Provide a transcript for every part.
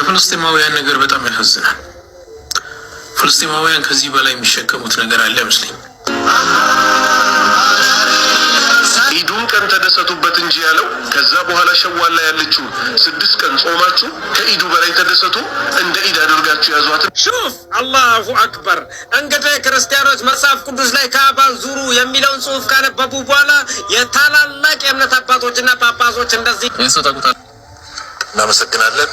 የፍልስጤማውያን ነገር በጣም ያሳዝናል። ፍልስጤማውያን ከዚህ በላይ የሚሸከሙት ነገር አለ አይመስለኝ። ኢዱን ቀን ተደሰቱበት እንጂ ያለው ከዛ በኋላ ሸዋላ ያለችው ስድስት ቀን ጾማችሁ ከኢዱ በላይ ተደሰቱ ሹፍ አላሁ አክበር። እንግዲህ ክርስቲያኖች መጽሐፍ ቅዱስ ላይ ካዕባን ዙሩ የሚለውን ጽሁፍ ካነበቡ በኋላ የታላላቅ የእምነት አባቶችና ጳጳሶች እንደዚህ ይሰጠቁታል። እናመሰግናለን።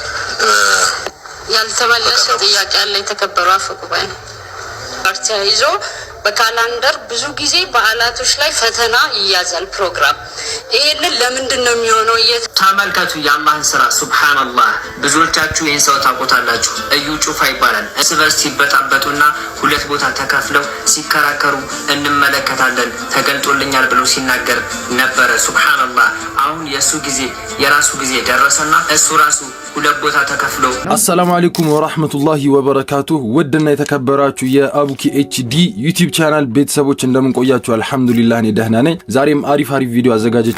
ያልተመለሰ ጥያቄ ያለ የተከበሩ አፈ ጉባኤ ፓርቲ ይዞ በካላንደር ብዙ ጊዜ በዓላቶች ላይ ፈተና ይያዛል ፕሮግራም። ይህንን ለምንድን ነው የሚሆነው? ተመልከቱ የአላህን ስራ ሱብሓነላህ። ብዙዎቻችሁ ይህን ሰው ታውቁታላችሁ። እዩ ጩፋ ይባላል። እርስ በርስ ሲበጣበጡና ሁለት ቦታ ተከፍለው ሲከራከሩ እንመለከታለን። ተገልጦልኛል ብሎ ሲናገር ነበረ። ሱብሓነላህ። አሁን የእሱ ጊዜ የራሱ ጊዜ ደረሰና እሱ ራሱ ሁለት ቦታ ተከፍለው። አሰላሙ አለይኩም ወራህመቱላሂ ወበረካቱ። ውድና የተከበራችሁ የአቡኪ ኤችዲ ዩቲዩብ ቻናል ቤተሰቦች እንደምንቆያችሁ፣ አልሐምዱሊላህ እኔ ደህና ነኝ። ዛሬም አሪፍ አሪፍ ቪዲዮ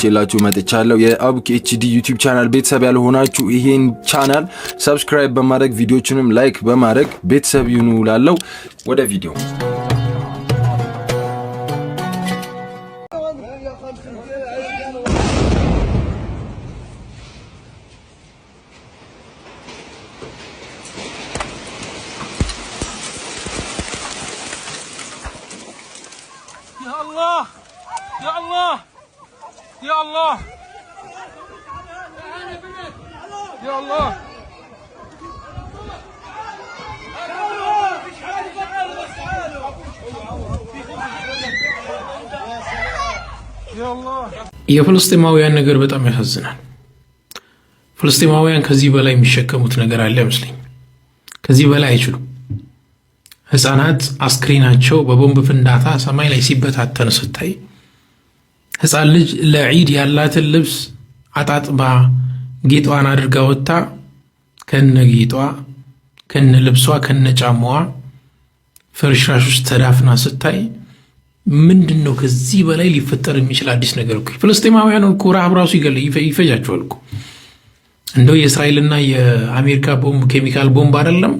የላችሁ መጥቻለሁ። የአቡኪ ኤችዲ ዩቲዩብ ቻናል ቤተሰብ ያልሆናችሁ ይሄን ቻናል ሰብስክራይብ በማድረግ ቪዲዮችንም ላይክ በማድረግ ቤተሰብ ይሁኑ። ወደ ቪዲዮ يا የፍልስጤማውያን ነገር በጣም ያሳዝናል። ፍልስጤማውያን ከዚህ በላይ የሚሸከሙት ነገር አለ አይመስለኝም። ከዚህ በላይ አይችሉም። ህፃናት አስክሬናቸው በቦምብ ፍንዳታ ሰማይ ላይ ሲበታተን ስታይ ህፃን ልጅ ለዒድ ያላትን ልብስ አጣጥባ ጌጧን አድርጋ ወጥታ ከነ ጌጧ ከነ ልብሷ ከነ ጫማዋ ፍርሻሽ ውስጥ ተዳፍና ስታይ ምንድን ነው ከዚህ በላይ ሊፈጠር የሚችል አዲስ ነገር እኮ ፍልስጤማውያን እኮ ረሃብ ራሱ ይፈጃቸዋል እኮ እንደው የእስራኤልና የአሜሪካ ቦምብ ኬሚካል ቦምብ አይደለም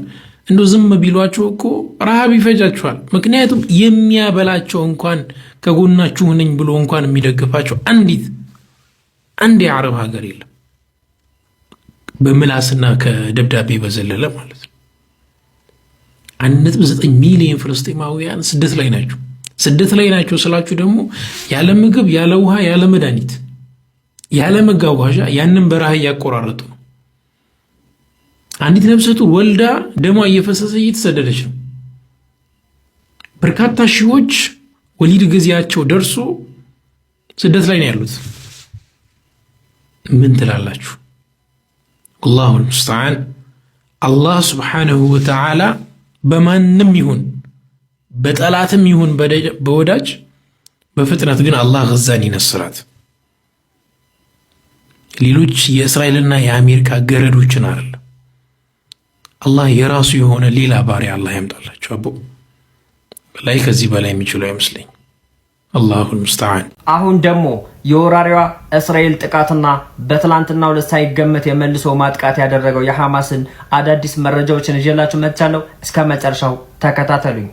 እንዶ ዝም ቢሏቸው እኮ ረሃብ ይፈጃቸዋል ምክንያቱም የሚያበላቸው እንኳን ከጎናችሁ ነኝ ብሎ እንኳን የሚደግፋቸው አንዲት አንድ የአረብ ሀገር የለም፣ በምላስና ከደብዳቤ በዘለለ ማለት ነው። አንድ ነጥብ ዘጠኝ ሚሊዮን ፍልስጤማውያን ስደት ላይ ናቸው። ስደት ላይ ናቸው ስላችሁ ደግሞ ያለ ምግብ፣ ያለ ውሃ፣ ያለ መድኃኒት፣ ያለ መጓጓዣ ያንን በረሃ እያቆራረጡ ነው። አንዲት ነፍሰ ጡር ወልዳ ደሟ እየፈሰሰ እየተሰደደች ነው። በርካታ ሺዎች ወሊድ ጊዜያቸው ደርሶ ስደት ላይ ነው ያሉት። ምን ትላላችሁ? አላሁ ልሙስተዓን። አላህ ስብሓነሁ ወተዓላ በማንም ይሁን በጠላትም ይሁን በወዳጅ በፍጥነት ግን አላህ ገዛን ይነስራት። ሌሎች የእስራኤልና የአሜሪካ ገረዶችን አለ አላህ የራሱ የሆነ ሌላ ባሪያ አላህ ያምጣላቸው። አቦ ላይ ከዚህ በላይ የሚችሉ አይመስለኝ። አላሁል ሙስተዓን። አሁን ደግሞ የወራሪዋ እስራኤል ጥቃትና በትላንትናው ዕለት ሳይገመት የመልሶ ማጥቃት ያደረገው የሐማስን አዳዲስ መረጃዎችን ይዤላችሁ መጥቻለሁ። እስከ መጨረሻው ተከታተሉኝ።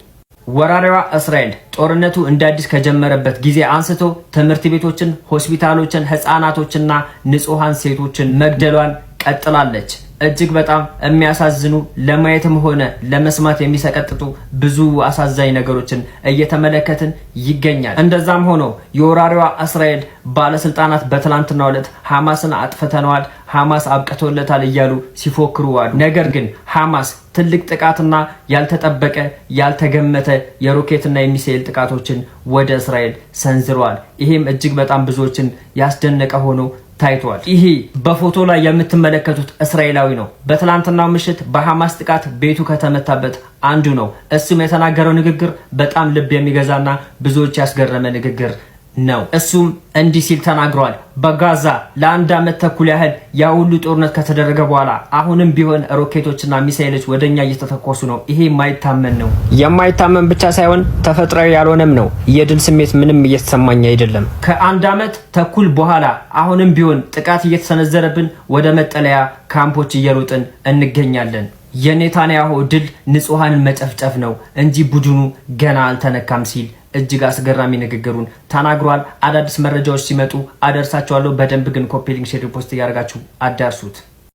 ወራሪዋ እስራኤል ጦርነቱ እንደ አዲስ ከጀመረበት ጊዜ አንስቶ ትምህርት ቤቶችን፣ ሆስፒታሎችን፣ ህፃናቶችና ንጹሐን ሴቶችን መግደሏን ቀጥላለች። እጅግ በጣም የሚያሳዝኑ ለማየትም ሆነ ለመስማት የሚሰቀጥጡ ብዙ አሳዛኝ ነገሮችን እየተመለከትን ይገኛል። እንደዛም ሆኖ የወራሪዋ እስራኤል ባለስልጣናት በትላንትናው ዕለት ሐማስን አጥፍተነዋል፣ ሐማስ አብቅቶለታል እያሉ ሲፎክሩ ዋሉ። ነገር ግን ሐማስ ትልቅ ጥቃትና ያልተጠበቀ ያልተገመተ የሮኬትና የሚሳኤል ጥቃቶችን ወደ እስራኤል ሰንዝረዋል። ይሄም እጅግ በጣም ብዙዎችን ያስደነቀ ሆኖ ታይቷል። ይሄ በፎቶ ላይ የምትመለከቱት እስራኤላዊ ነው። በትላንትናው ምሽት በሐማስ ጥቃት ቤቱ ከተመታበት አንዱ ነው። እሱም የተናገረው ንግግር በጣም ልብ የሚገዛና ብዙዎች ያስገረመ ንግግር ነው። እሱም እንዲህ ሲል ተናግሯል። በጋዛ ለአንድ ዓመት ተኩል ያህል ያ ሁሉ ጦርነት ከተደረገ በኋላ አሁንም ቢሆን ሮኬቶችና ሚሳይሎች ወደኛ እየተተኮሱ ነው። ይሄ የማይታመን ነው። የማይታመን ብቻ ሳይሆን ተፈጥሯዊ ያልሆነም ነው። የድል ስሜት ምንም እየተሰማኝ አይደለም። ከአንድ ዓመት ተኩል በኋላ አሁንም ቢሆን ጥቃት እየተሰነዘረብን ወደ መጠለያ ካምፖች እየሮጥን እንገኛለን። የኔታንያሁ ድል ንጹሐንን መጨፍጨፍ ነው እንጂ ቡድኑ ገና አልተነካም ሲል እጅግ አስገራሚ ንግግሩን ተናግሯል። አዳዲስ መረጃዎች ሲመጡ አደርሳቸዋለሁ። በደንብ ግን ኮፒ ሊንክ፣ ሼር፣ ፖስት እያደረጋችሁ አዳርሱት።